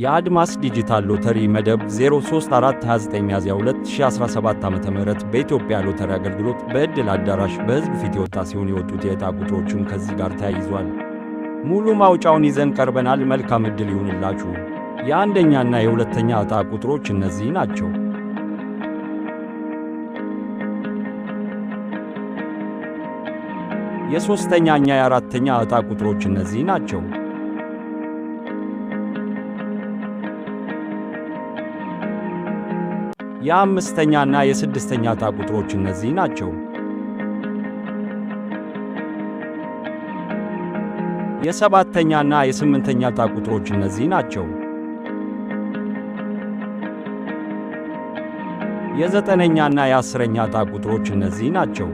የአድማስ ዲጂታል ሎተሪ መደብ 03429 ሚያዝያ 2017 ዓ ም በኢትዮጵያ ሎተሪ አገልግሎት በዕድል አዳራሽ በሕዝብ ፊት የወጣ ሲሆን የወጡት የዕጣ ቁጥሮቹም ከዚህ ጋር ተያይዟል። ሙሉ ማውጫውን ይዘን ቀርበናል። መልካም ዕድል ይሁንላችሁ። የአንደኛና የሁለተኛ ዕጣ ቁጥሮች እነዚህ ናቸው። የሦስተኛና የአራተኛ ዕጣ ቁጥሮች እነዚህ ናቸው። የአምስተኛና የስድስተኛ ዕጣ ቁጥሮች እነዚህ ናቸው። የሰባተኛና የስምንተኛ ዕጣ ቁጥሮች እነዚህ ናቸው። የዘጠነኛና የአስረኛ ዕጣ ቁጥሮች እነዚህ ናቸው።